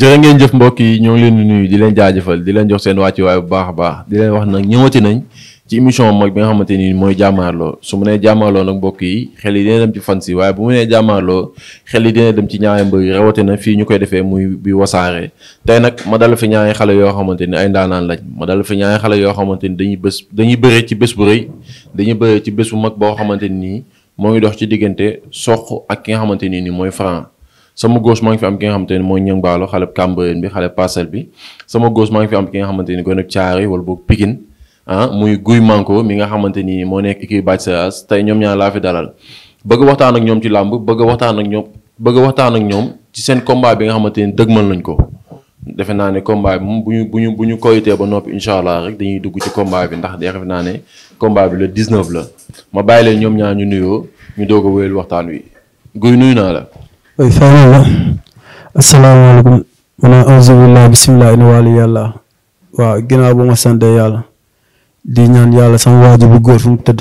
jërë ngeen jëf mbokk yi ñoo ngi leen di nuyu di leen jaajëfal di leen jox seen wàccuwaay bu baax a baax di leen wax nag ñëwati nañ ci émission mag bi nga xamante ni mooy jàmmaarloo su mu nee jàmmaarloo nag mbokk yi xel yi dina dem ci fan si waaye bu mu nee jàmmaarloo xel yi dina dem ci ñaari mbër yi rawate fii ñu koy defee muy bi wasaare tey nag ma dala fi ñaari xale yoo xamante ni ay ndaanaan lañ ma dala fi ñaari xale yoo xamante ni dañuy bés dañuy bëre ci bés bu rëy dañuy bëre ci bés bu boo xamante nii moo ngi dox ci diggante soq ak ki nga xamante nii mooy franc sama gauche maa ngi fi am ki nga xamante ni mooy Niang Ballo xale Cambérène bi xale Parcelles bi sama gos maa ngi fi am ki nga xamante ni gone Thiaré wala boog Pikine ah muy Guy Manko mi nga xamante ni moo nekk équipe Bathie Seras tey ñoom ñaar laa fi dalal bëgg waxtaan ak ñoom ci làmb bëgg waxtaan ak ñoom bëgg waxtaan ak ñoom ci seen combat bi nga xamante ni dëgmal nañ ko defe naa ne combat bi moom bu ñu bu ñu bu ñu koytee ba noppi incha allah rek dañuy dugg ci combat bi ndax defe naa ne combat bi le 19 la ma bàyyi leen ñoom ñaar ñu nuyoo ñu doog a wéyal waxtaan wi Guy nuyu naa la. way faani la asalaamaaleykum man a auzu billah bismillah ina wàllu yàlla waaw ginnaaw ma sante yàlla di ñaan yàlla sama waaju bu góor fu mu tëdd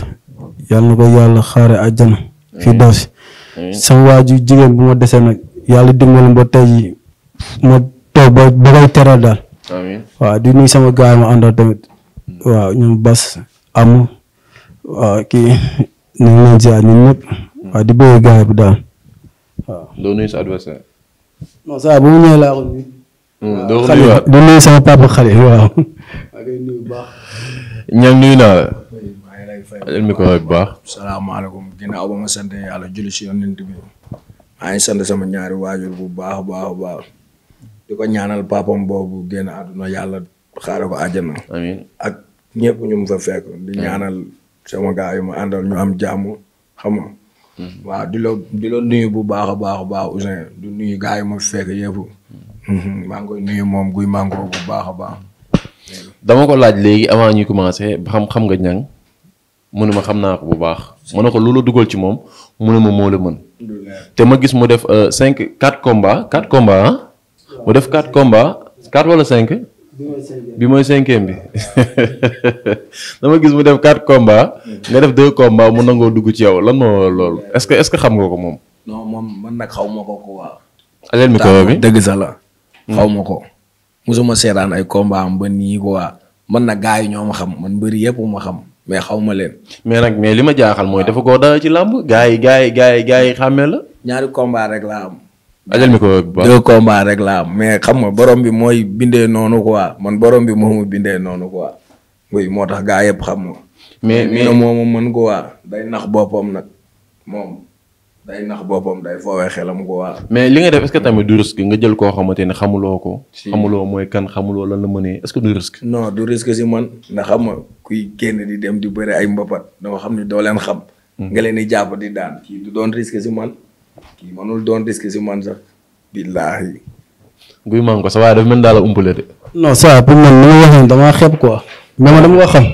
yàlla na ko xaare àjjana fii daw sama waaju jigéen bi ma desee nag yàlla dimbali ba tey ji ma toog ba ba koy teral daal di nuyu sama gaay ma àndal tamit mm. bas am waaw kii ñu ngi leen ziar ñun mm. di bëgg gaay daal waaw doo nuyu sa adversaire. non ça sama hmm, ah, papa xale waaw. maa nuyu bu baax. ñoom nuyu naa la. baax bu baax. salaamaaleykum ginnaaw ba ma sant yàlla julli si yonent bi maa ngi sant sama ñaari waajur bu baax baax baax di ko ñaanal papam boobu génn àdduna yàlla xaare ko àjjana. amiin ak ñëpp ñu mu fa fekk. di ñaanal sama gars yi ma àndal ñu am jàmm xam waaw di loo di la nuyu bu baax a baax a baax Ouzin du nuyu gars yi ma fekk yëpp. Mm-hmm. maa ngi koy nuyu moom guy màngoo bu baax a baax. dama ko laaj léegi avant ñuy commencé xam xam nga ñang mu ne ma xam naa ko bu baax. ma ne ko loolu dugal ci moom mu ne ma moo la mën. te ma gis mu def euh, cinq quatre combats quatre combats ah. mu def quatre combats quatre wala cinq. bi mooy cinquième bi dama gis mu def quatre combats nga def deux combats mu nangoo dugg ci yow lan moo loolu est-ce que est-ce que xam nga ko moom. non moom man nag xaw ma ko quoi. alal micro bi dëgg la. Hmm. xaw ma ko mosuma seetaan ay combats am ba nii quoi man nag gaa yi ñoo ma xam man mbëri yëpp ma xam mais xaw ma leen. mais nag mais li ma jaaxal mooy dafa koo dara ci làmb gars yi gars yi gaa yi gars yi xàmmee la. ñaari combats rek laa am. ajal mi ko bu baax deux laa mais xam nga borom bi mooy bindee noonu waa man borom bi moomu bindee noonu quoi. oui moo tax gaa yëpp xam nga. mais mais moom mën ko waa day nax boppam nag moom day nax boppam day foowee xelam ko waa. mais li nga def est-ce que tamit du risque nga jël koo xamante ne xamuloo ko. xamuloo mooy kan xamuloo lan la mënee est-ce que du risque. non du risque si man ndax xam nga kuy génn di dem di bëri ay mbapat dama xam ne doo leen xam. Hmm. nga leen di jàpp di daan. kii du doon risque si man. kii mënul doon risque si man sax billaahi. guy mango sa waaye dafa mel daal a umpale de. non ça pour man ni ma wax nii damaa xeeb ko xam.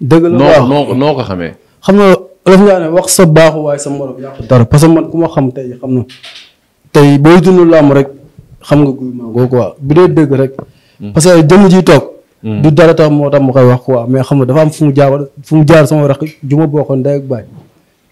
dëgg la noo noo ko xamee. xam nga olof ngaa wax sa baaxu sa morom yàq parce que man ku ma xam tey xam na tey booy làmb rek xam nga guy mango bu dee dëgg rek. Hmm. parce que jëmm toog. Hmm. du dara moo tax koy wax quoi mais xam nga dafa am fu mu jaar fu mu jaar sama rakk ju ma bokkoon ndey ak baay.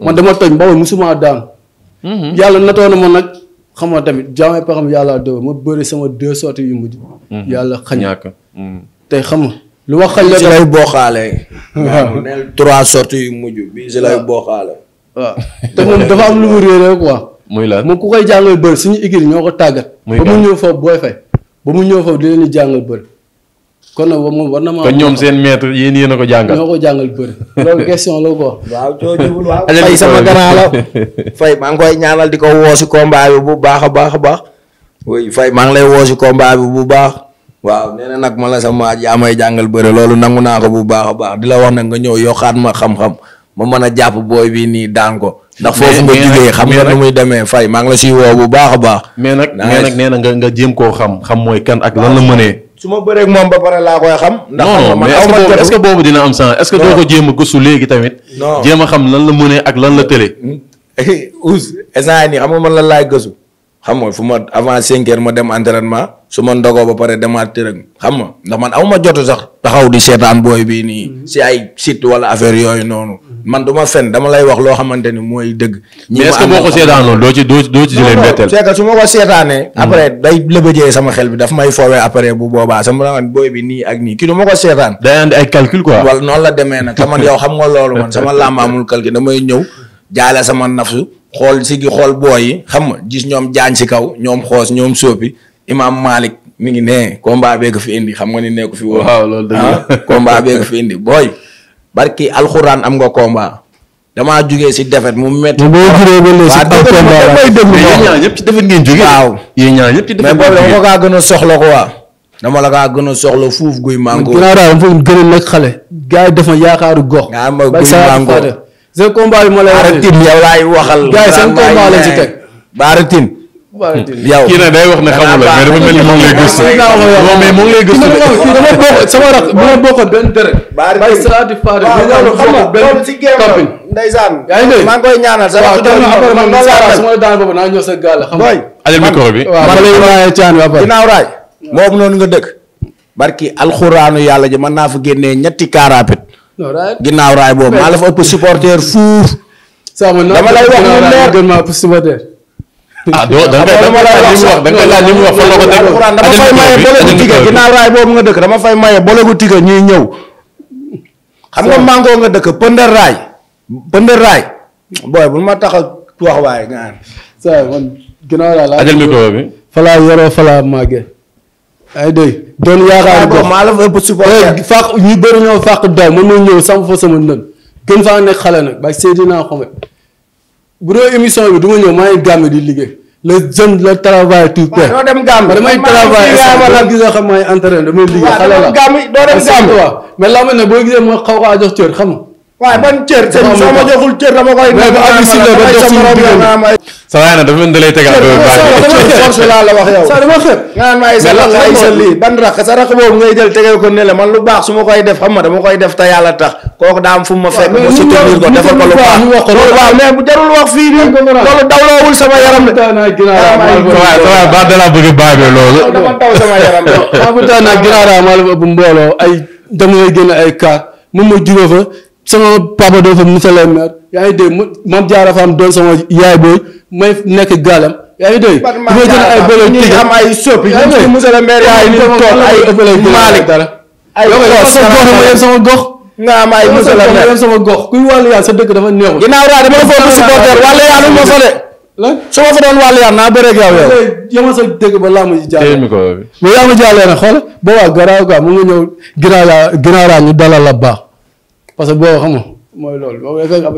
man dama toj Bawol musuma daan. Mhm. yàlla natoo na ma nag xam nga tamit jaamay paxam yàlla doo ma bëri sama deux sorties yu mujj. Mhm. yàlla xañ ñàkk mhm. tey xam nga lu ma xañ la si lay booxaale. waaw trois sorties yu mujj bii si lay booxaale. waaw te moom dafa am lu mu réeré quoi. muy la moom ku koy jàngal bëri suñu igri ñoo ko tàggat. ba mu ñëw foofu booy fay. ba mu ñëw foofu di leen jàngal bëri. kon nag moom war na ñoom seen maître yéen yéen ko jàngal. ñoo ko jàngal bëri. loolu ko. waaw joojuwul fay sama maa ngi koy ñaanal di ko woo si combat bi bu baax a baax a baax. fay maa ngi lay woo si combat bi bu baax. waaw nee nag ma la sama yaa may jàngal bëri loolu nangu naa ko bu baax a baax di la wax nag nga ñëw yokkaat ma xam-xam ma mën a jàpp booy bii nii daan ko. ndax foofu nga jugee xam nga nu muy demee fay maa ngi la siy woo bu baax a baax. mais nag mais nag nee na nga nga jéem koo xam xam mooy kan ak lan la mënee su ma bëree moom ba pare laa koy xam. ndax xam nga est ce que boobu am sens est que doo ko jéem a gëstu tamit. non jéem xam lan la mënee ak lan la tëlee. oust instant yii nii xam nga man lan laay gëstu. xam nga fu ma avant cinq ma dem entraînement su ma ndogoo ba pare demaat tërëg xam nga ndax man aw ma jotu sax taxaw di seetaan booy bii nii. Mhm. si ay site wala affaire yooyu noonu. man duma ma fen dama lay wax loo xamante ni mooy dëgg. ñi ma am mais est-ce ko seetaanoon doo ci doo ci doo ci su ma ko seetaanee. Hmm. après day lëbëjee sama xel bi daf may foowee après bu boobaa sama man bi nii ak nii kii ma ko seetaan. day andi ay calcul quoi. wala noonu la xam nga loolu man sama làmb amul calcul damay ñëw jaale sama nafsu xool si gi xool booy yi xam nga gis ñoom jaañ si kaw ñoom xoos ñoom sóopi imaam Malick mi ngi ne combat bee ko fi indi xam nga ni nekku fi. waaw loolu dëgg la ah, combat bee fi indi booy barki alxuraan am nga combat. damaa jugee si defet mu métti. waaw waaw ñëpp ci defet gën a soxla quoi. dama la kaa gën a soxla fuuf guy mango. ginnaaw daal foofu gën yaakaaru gox. yaa ma guy mango seen combat bi moo lay waxal. yow laay waxal. gars yi seen combat lañ si teg. baaratin yow kii nag day wax ne xamul la mais koy ñaanal yàlla man man su ma daan boobu naa ñëw sa gaal xam nga. alal noonu nga dëkk. barki alxuraanu yàlla ji mën naa fa génnee ñetti car rapide. ginnaaw boobu maa la fa ëpp supporter fuuf. dama lay wax mu leer ah doo da dama fay maye bolegu tige ginnaaw raay dama fay maye bolegu tige ñuy ñëw xam nga màngoo nga dëkk pëndër raay pëndër raay booy bu ma tax a wax waaye nga saa ajal micro bi falaa yoroo falaa màgge ay dégg doon yaakaar ko maa la fa ëpp supporter fàq ñu bëri ñëw sam fa sama nën gën faa nekk xale nag ba Seydina Xome bu dee émission bi du ma ñëw maa ngi Gambie di liggéey le jeune le travail tout paie. waaw doo dem Gambie damay travail est gisoo xam maa ngi entraîné damay liggéey. xale la doo dem Gambie mais laa ma ne boo gisee ma xaw ko a jox cër xam nga waaw ban cër soo ma joxul cër dama koy. mais bu am sa da lay tegal ba baax force laa la wax yow. sa dama xër nga naan ma ay sa rakk ay sa lii ban rakk sa rakk boobu ngay jël tegal ko ne la man lu baax su ma koy def xam ma dama koy def te yàlla tax kooku daam fu ma fekk mu soutenir ko defal ko lu baax loolu waaw mais bu jarul wax fii nii loolu dawloowul sama dama daw sama yaram de mbooloo ay dama lay génn ay kaar moom ma jugee fa sama papa doo le maire yaa ngi dégg doon sama yaay booy may nekk gàllam yaa ngi dégg. man maa am ay soppi. yaa ngi le maire yaa ngi toog ay Malick dara. ay gox sama gox. nga am ay monsieur le maire sama gox kuy wàllu yàlla sa dëkk dafa neexul. ginnaaw daal dama la foog su ma fa doon naa bëreeg yow yow. yamal sa dëkk ba laamu ji xool boobaa garaaw quoi mu nga ñëw ginnaaw laa ginnaaw laa ñu dalal la baax parce que boobu xam nga mooy loolu boobu yaakaar nga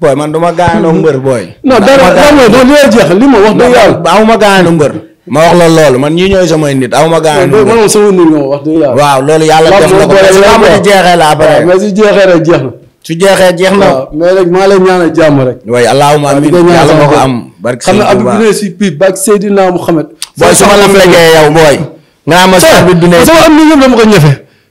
booy man du ma gaanoo mbër booy. non dara dara non li ma jeex li ma wax. dëgg yàlla waaw loolu yàlla def na ko sama am ni ñoom dama ko ñëfe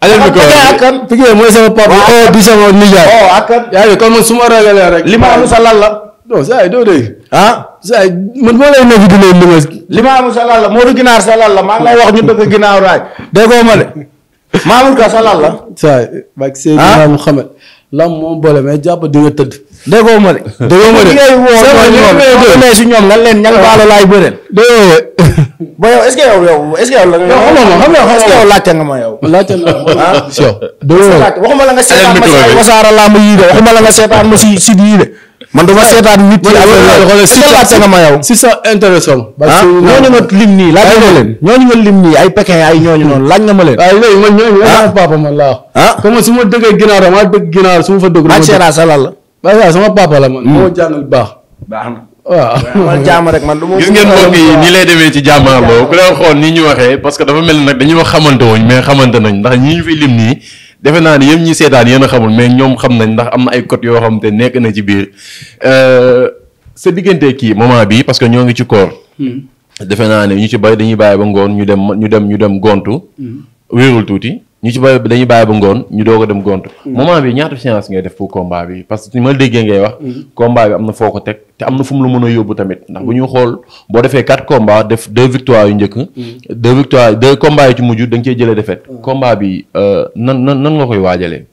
alal bi ko akkan Pikine mooy sama papa. waaw bi sama nijaay. waaw akkan yaa ngi kon man su ma ragalee rek. li ma am sa lan la. non doo dégg. ah saa yi man lay nekk di leen limal. li ma am sa lan la Modou Ginaar sa lan la maa ngi lay wax ñu dëkk Ginaaw Raay. déggoo ma de. sa lan la. saa yi. ah Seydina lam moom boole mais jàpp di nga tëdd. déggoo ma de. si ñoom lan leen ñan baalo laay bëreel. ba yow est-ce que yow yow est-ce que yow nga. xam nga est-ce que yow ma ah. la nga seetaan ma si wasaara ma de waxuma la nga seetaan ma si si yii de. man dama seetaan nit yi laajte nga ma yow. si sa intéressant. Ah. ah ñooñu nga lim nii laaj nga leen. ñooñu nga lim nii ay Pékin ay ñooñu noon laaj nga ma leen. waaye léegi man ñooñu. ah papa man laa. ah comme su ma dëggee ginaar damaa dëgg ginaar su ma fa dëgg. laaj seeraat sa lan la. waaw sama papa la man. Hmm. moo jàngal baax. baax na waaw man rek man. du ma gis ngeen mbokk yi ni lay demee ci jàmmaarloo ku leen xool ni ñu waxee parce que dafa mel ni nag dañuy wax xamante wuñ mais xamante nañ ndax ñi ñu fi lim nii. defe naa ni yéen ñi seetaan yéen a xamul mais ñoom xam nañ ndax am na ay cote yoo xam te nekk na ci biir euh, sa diggante kii moment bi parce que ñoo ngi ci koor. Hmm. defe naa ne ñu ci bari dañuy bàyyi ba ngoon ñu dem ñu dem ñu dem gontu. Hmm. wéerul tuuti. ñu ci bàyyi dañuy bàyyi ba ngoon ñu doog a dem gont mm-hmm. moment bi ñaata séance ngay def pour combat bi parce que ma déggee ngay wax mm-hmm. combat bi am na foo ko teg te am na fu mu la yóbbu tamit ndax bu ñu xool boo defee quatre combats def deux victoires yu njëkk mm-hmm. deux victoires deux combats da nga cee jëlee défaite combat bi euh, nan nan nan nga koy waajalee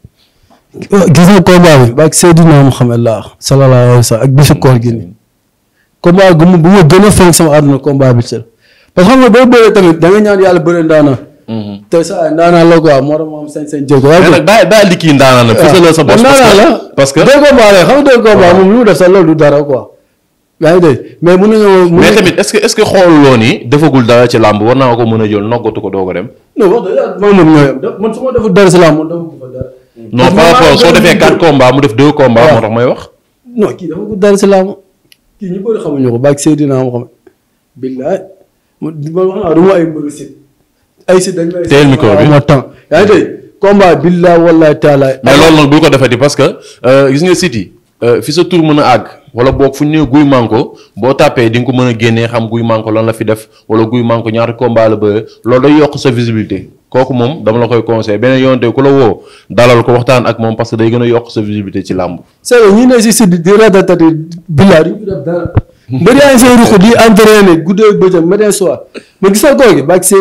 euh, gis nga combat bi ba ak Seydina Muhammad la sallallahu alayhi wa ak bisu koor gi ni combat gu mu bu ma a fenk sama àdduna combat bi sel parce xam nga boo bëree tamit da ñaan yàlla bëre daana Mhm. te sa ndaanaan la quoi moo ndaanaan la. parce que deux combats la dara quoi. yaa ngi mais est-ce que est-ce que xooluloo ni defagul dara ci làmb war naa ko mën a jël noggatu ko doo ko def deux combats moo tax may wax. non kii dafa ko dara si làmb kii ñu bëri xamuñu ko bàyyi Seydina Mohamed billaay man wax naa du ay mbëru sit ay si dañ lay. teel micro bi waaw temps yaa ngi dégg combat billaa wallaay taala. mais loolu nag bul ko defati parce que euh, gis nga site euh, fi sa tur mën a àgg wala boog fu ñu nee guy manko boo tàppee di nga ko mën a génnee xam guy manko lan la fi def wala guy manko ñaata combat la bëre loolu day yokk sa visibilité kooku moom dama la koy conseillé beneen yoonte ku la woo dalal ko waxtaan ak moom parce que day gën a yokk sa visibilité ci làmb. c'est vrai ñi ne si site di ratatati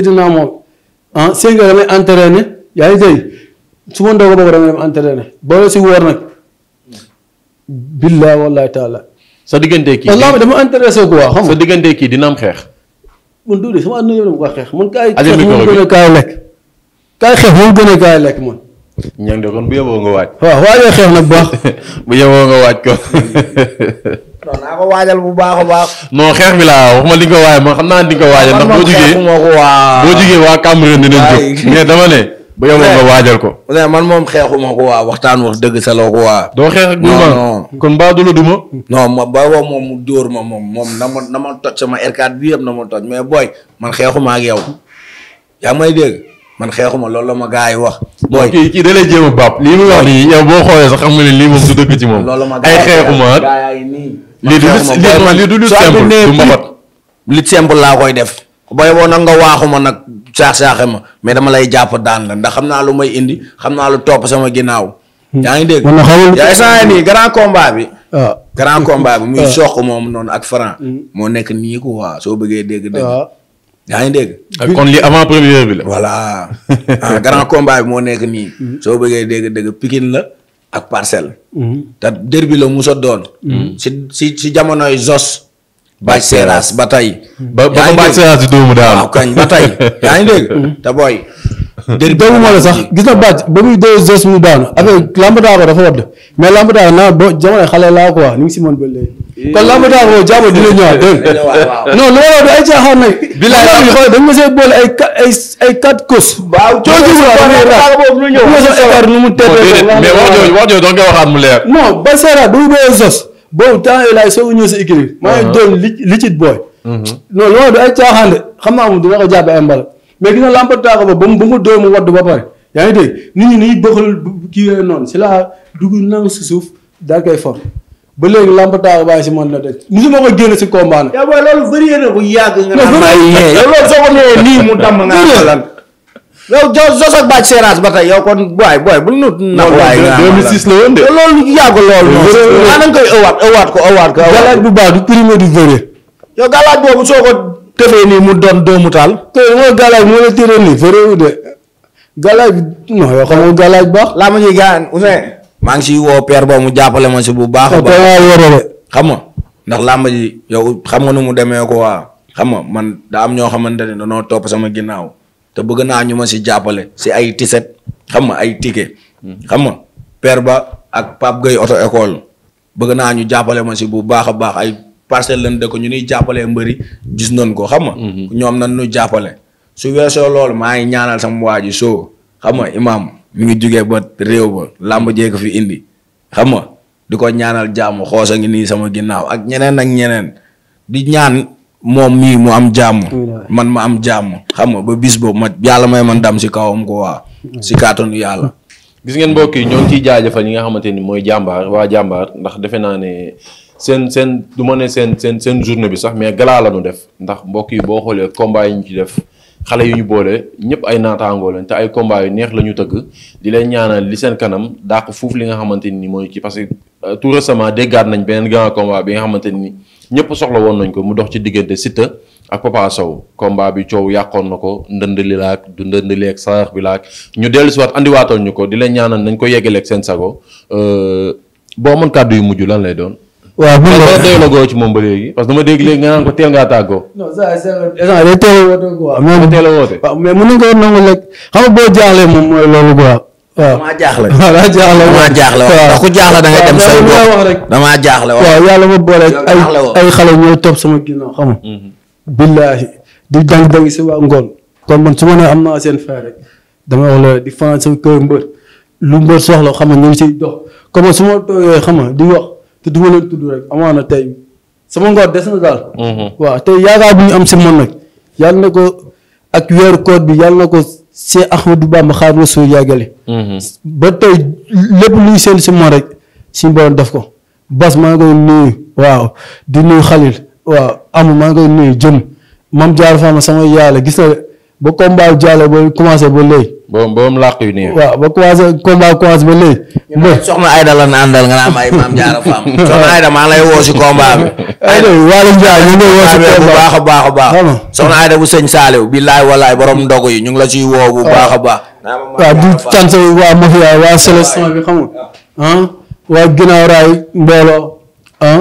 ah sëñ nga damay entraîné yaa ngi dégg su ma ndog boobu damay dem entraîné boole si woor nag. billaahi wallaahi taala. sa diggante kii dama intéressé ko waa xam nga. sa diggante kii dina am xeex. man duudi sama àdduna yëpp dama ko xeex man. kaay xeex moom gën a kaay lekk. kaay xeex moom gën a kaay lekk man. ña de kon bu yeboo nga waaj. waaw waajoo xeex nag baax. bu yeboo nga waaj ko. non naa ko waajal bu baax a baax. moom xeex bi laa waxuma li nga ko waajal man naa ni nga ko waajal. ndax boo jugee waa Cameroun dinañ jóg dama ne. bu waajal ko. man moom xeexuma ko waa waxtaan wax dëgg sa waa. doo xeex ak kon baa du la duma. non ma booy boobu moom mu dóor ma moom moom na ma na ma toj sama r bi yëpp na ma toj mais booy man xeexuma ak yow yaa may dégg man xeexuma loolu la ma gaa yi wax. booy kii kii da lay jéem a bàpp lii muy wax nii yow boo xoolee sax xam nga ne lii moom du dëgg ci moom. loolu ma gars ay xeexuma lii du lii du lutte simple du mbapat lutte simple laa koy def booy boo nag nga waaxu ma nag saax-saaxe ma mais dama lay jàpp daan la ndax xam naa lu may indi xam naa lu topp sama ginnaaw hmm. yaa ngi dégg yaa instant nii grand combat bi ah. grand combat bi muy ah. soq moom noonu ak franc hmm. moo nekk nii ko waa soo bëggee dégg dégg ah. yaa ngi dégg. kon li avant première bi la. voilà grand combat bi moo nekk nii. Hmm. soo bëggee dégg dégg Pikine la. ak parcelle. Mhm. te derby la musa doon. Mhm. si si si jamonoy Zos. Baaj Seeraas ba tey. Mhm. ba ba Baaj Seeraas di doomu daal waaw kañ ba tey yaa ngi mu daanu affaire lamb daa ko dafa wadd mais lamb naa boo jamono xale laa quoi ni ngi si mën kon laa ma daaxoo jàmm dina ñëwaat dégg non looloo du ay caaxaan nag. bilaay waaw dañ ma see boole ay ay ay quatre causes. waaw coono si waaw wax jooju wax jooju da nga waxaat du doon sos a ñëw si équipe. maa ngi mm-hmm. du ay caaxaan de xam kii noonu si laa dugg naa suuf daal koy for ba léegi lambataay bàyyi si man la de musuma ko génn si combat na. yow loolu bëri na bu yàgg nga. loolu soo ko nee nii mu damm nga lan. yow jo jos ak bàcc séeraas ba tey yow kon booy booy bu ñu. na waay nga 2006 la woon de. loolu yàgg loolu. loolu maanaam koy ëwaat ëwaat ko ëwaat ko. galaat bu baax du premier du vrai. yow galaat boobu soo ko tëbee nii mu doon doomu taal. te mooy galaat moo la tëral nii vrai de galaat non yow xam nga galaat baax. laa ma ñuy gaan Ousseyn. maa ngi siy woo père boobu mu jàppale ma si bu baax a baax xam nga ndax làmb ji yow xam nga nu mu demee ko waa xam nga man daa am ñoo xamante ne danoo topp sama ginnaaw te bëgg naa ñu ma si jàppale si ay tiset xam nga ay ticket xam nga père ba ak Pape Gueye auto école bëgg naa ñu jàppale ma si bu baax a baax ay parcelle lañ dëkk ñu ni jàppalee mbëri gis nañ ko xam nga mhm. ñoom nan nu jàppale su weesoo loolu maa ngi ñaanal sama waa ji soo xam nga imaam mi ngi jugee ba réew ba làmb jee ko fi indi xam nga di ko ñaanal jàmm xoos a ngi nii sama ginnaaw ak ñeneen ak ñeneen di ñaan moom mii mu am jàmm man ma am jàmm xam nga ba bis boobu ma yàlla may man dam si kawam ko waa si kàttanu yàlla gis ngeen mbokk yi ñoo ngi ciy jaajëfal ñi nga xamante ni mooy jàmbaar waa jàmbaar ndax defe naa ne seen seen du ma ne seen seen seen journée bi sax mais galaa la ñu def ndax mbokk yi boo xoolee combat yi ñu ci def xale yu ñu boole ñëpp ay naataangoo lañ te ay combat yu neex la ñu tëgg di leen ñaanal li seen kanam dàq foofu li nga xamante ni mooy ci parce que euh, tout récemment déggaat nañ beneen grand combat bi nga xamante ni ñëpp soxla woon nañ ko mu dox ci diggante Siteu ak Papa Sow combat bi coow yàqoon na ko ndënd li laak du ndënd li ak sarax bi laak ñu dellu si waat andiwaatal ñu ko di leen ñaanal nañ ko yeggaleeg seen sago euh, boo mën kàddu yu mujj lan lay doon. waaw bu ñu doy la goo ci moom ba léegi parce que dama dégg léegi nga naan ko teel ngaa tàggoo. non day teel a a woote. ko nangu rek moom mooy loolu quoi. waaw daa jaaxle woon damaa yàlla ma boole ay ay xale ñooy topp sama ginnaaw xam nga. Mm-hmm. billaahi di dang dang si waa ngoon. kon man su ma nee am naa seen fay rek dama wax la di fanaan sama kër mbër lu mbër soxla xam nga ñu ngi siy dox comme su toogee xam di wax te du ma leen tudd rek amaana tey sama ngoor des na daal. Mhm. waaw te yaakaar bu ñu am si man nag yàlla na ko ak weeru koor bi yàlla na ko Cheikh Ahmadou Bamba Xaadimu Rasuul yàggale. Mhm. ba tey lépp luy seen si man rek suñu borom def ko bas maa ngi koy nuyu waaw di nuyu Xalil waaw amu maa ngi koy nuyu jëm mam jaar faama sama yàlla gis na ba combat jaale ba commencé ba léegi. ba ba mu làq yu nii. ba commencé combat commencé ba léegi. mais soxna Ayda la na àndal nga naan ay maam jaara faam. soxna Ayda maa lay woo si combat bi. Ayda wàllu a baax bu sëñ Saliou billaay yi ñu ngi la ciy woo bu baax a baax. Ah, waa ginnaaw raay mbooloo ah,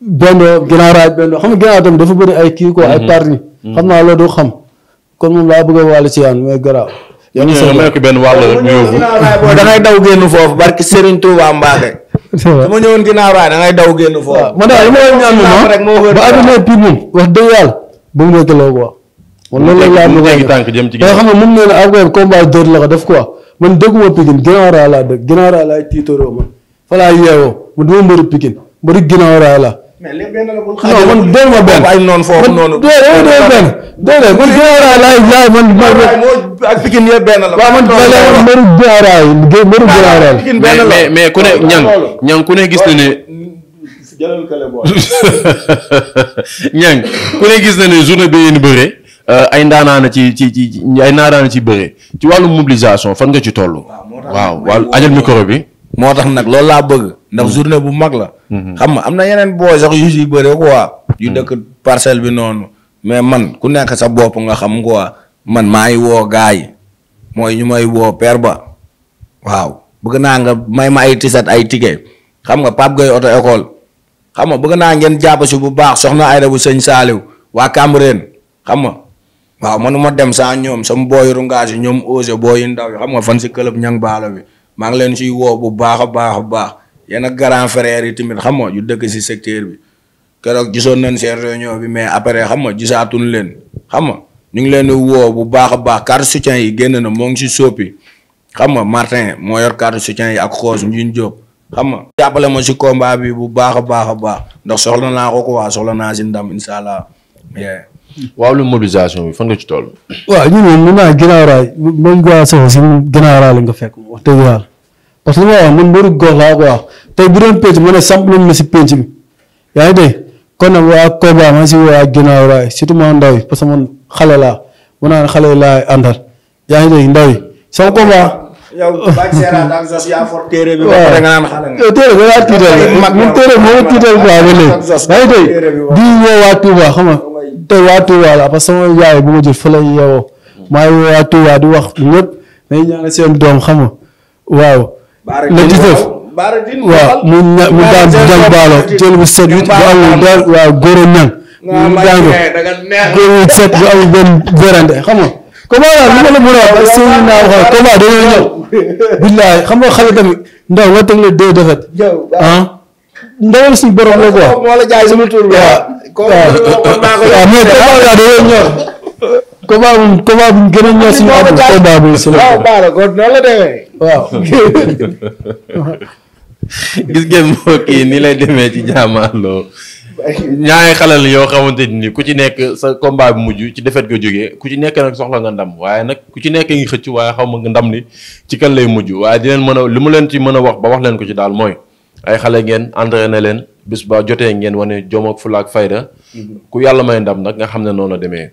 bendoo ginnaaw raay bendoo xam nga ginnaaw tamit dafa bëri ay kii quoi ay mhm. parti mhm. xam naa loolu xam kon moom laa bëgg a wàll yaan mais garaaw yow da ngay daw génn foofu barki Serigne Touba Mbacke. su ma ñëwoon ginnaaw raay da daw génn foofu. man daal li ma leen moom wax dëgg yàlla ba mu nekkaloo quoi. man loolu la ñu laa tànk jëm ci xam nga mun nee na après combat dóor la ko def quoi man dëgguma Pikine ginnaaw raay laa dëgg ginnaaw raay laay tiitaroo man fa laa yeewoo man duma mbëri Pikine mbëri ginnaaw raay laa mais lépp benn la bu xaajal non ma benn ay noonu foofu noonu. déedéet benn déedéet man Géejawaay laay laay benn la. mais mais ku ne ñang ñang ku ne gis na ne. jëlal ku ne gis na ne journée bi ngeen bëree euh, ay ndaanaana ci ci ci ay ndaanaana ci bëree ci wàllu mobilisation fan nga ci toll. waaw waaw ajal micro bi. moo tax nag loolu laa bëgg. ndax mm-hmm. journée bu mag la. Mm-hmm. xam nga am na yeneen booy sax yu si bëre quoi. yu mm-hmm. dëkk parcelle bi noonu. mais man ku nekk sa bopp nga xam quoi man maa ngi woo gars yi mooy ñu may woo ba waaw bëgg naa nga may ma ay tisat ay ticket xam nga Pape xam nga bëgg naa ngeen jàpp si bu baax soxna Ayda bu sëñ Saaliw waa Cambérène xam nga waaw manuma dem saa ñoom sama booy rungaas yi ñoom Ose booy yu ndaw yi xam nga fan si club ñang baalo bi maa ngi leen ciy woo bu baax a baax a baax yenn grand frère yi tamit xam nga yu dëkk si secteur bi keroog gisoon nañ seen réunion bi mais après xam nga gisaatuñ leen xam nga ñu ngi leen di woo bu baax a baax carte soutien yi génn na moo ngi si soppi xam nga Martin moo yor carte soutien yi ak xoos Ndiou Diop xam nga. jàppale ma si kombaa bi bu baax a baax a baax ndax soxla naa ko quoi soxla naa si ndam incha allah. waaw lu mobilisation bi fan a ci toll. waaw ñun moom mën naa ginnaaw raay même waa Sofos la nga fekk wax dëgg yàlla parce que li a wax man mbiru gox laa ko wax tey bu doon penc ma ne samp nañ ma si penc bi yaa ngi dégg kon nag waa Koba maa ngi si a ginnaaw raay surtout maa ndaw a parce que man xale laa sama Koba. yow bàcc seeraat daal sax tiital. mag mag téere moo tiital quoi ba léegi. yaa ngi di ñëw waa Touba xam nga. tey waa Touba la parce bu ma jël fa la yeewoo maa wax lépp dañuy ñaanal seen doom xam nga waaw. le 19 mu ña mu daan jàng baalo bu set bu amul daal waaw góor a ñan. mu daan ko bu set bu amul benn vérante xam nga. comment la li ma la mën a wax sëñ bi naa wax ndaw nga teg la deux défaite ah. ndawal suñu borom la quoi. moo la jaay sama tur. bu combat gën a ñor suñu àdduna combat bi si la. waaw baara kon la demee. waaw. gis ngeen mbokk yi ni lay demee ci jaamaarloo. ñaari xalal yoo xamante ni ku ci nekk sa combat bi mujj ci defet ga jóge ku ci nekk nag soxla nga ndam waaye nag ku ci nekk ngi xëcc waaye xam ma nga ndam li ci kan lay mujj waaye di leen mën a li mu leen ci mën a wax ba wax leen ko ci daal mooy ay xale ngeen entraîné leen bis ba jotee ngeen wane jom ak fula ak fayda. ku yàlla may ndam nag nga xam ne noonu la demee.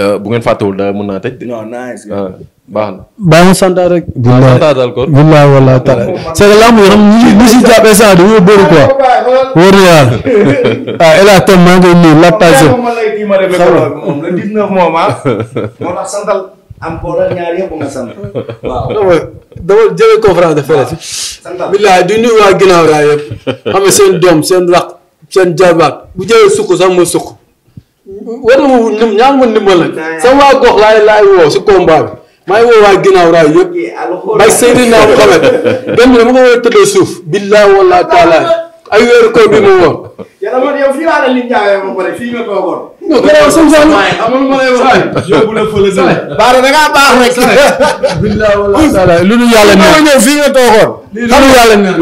Euh, bu ngeen fàttewul dara mën naa tëj. non na ah, baax na. bàyyi ma santaat rek. billaay santaatal ko. billaay wallaay taala. c'est si jàppee sax dañoo bëri quoi. na yàlla. ah El maa ngi lay nuyu la page. xam nga moom la 19 am boolal ñaar yëpp dama dama jëlee conférence de presse. du nuyu waa ginnaaw raay yëpp. xam nga seen doom seen raq seen jarbaat bu jëlee sukk sax ma sukk. war na ma wut ñoom ñaar ma ndimbal waa gox laay laay si combat maa ngi woo waa ginnaaw raay yëpp. bay Seydina Mohamed. benn bi dama ko war a tëddee suuf. billaay wala taalaay. ay weeru koor bi mu la sa baara da ngaa baax lu dul yàlla neex. ñëw fii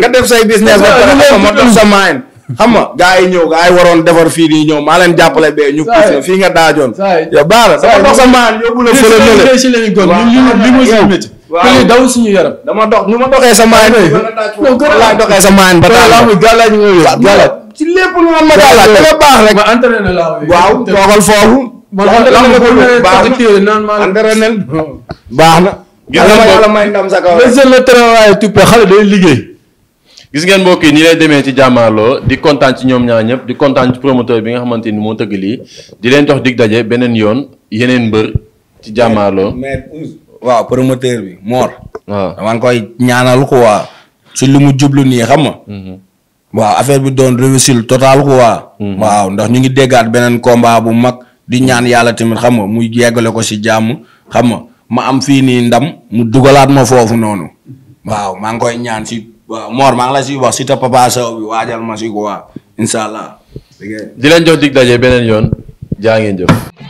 nga def say business ba pare xam nga sa maayen. xam nga gars yi ñëw waroon defar fii nii ñëw maa leen jàppale bee ñu. saa fii nga daajoon. saa yi yow baara dafa dox sa maayen yóbbu la fële. waaw fii daw suñu yaram. dama dox ñu ma doxee sa maan. non gën laa doxee sa maan ba tànn. ci lépp lu ma gàllaaj da nga baax rek. ma entraîné laa waaw toogal foofu. man entraîné baax na. yàlla may ndam sa kaw rek. le travail tuppe xale day liggéey. gis ngeen mbokk yi nii lay demee ci jàmmaarloo di kontaan ci ñoom ñaar ñëpp di kontaan ci promoteur bi nga xamante ni moo tëgg lii di leen jox dig daje beneen yoon yeneen mbër ci jàmmaarloo waaw promoteur bi Mor. maa dama koy ñaanal quoi. si lu mu jublu nii xam nga. Mhm. waaw affaire bi doon réussite total quoi. Mhm. waaw ndax ñu ngi déggaat beneen combat bu mag di ñaan yàlla tamit xam nga mu yeggale ko si jàmm xam nga ma am fii nii ndam mu dugalaat ma foofu noonu. waaw maa ngi koy ñaan si waaw Mor maa ngi la siy wax si ta Papa Sow bi waajal ma si quoi incha allah. di leen jox dig daje beneen yoon jaa ngeen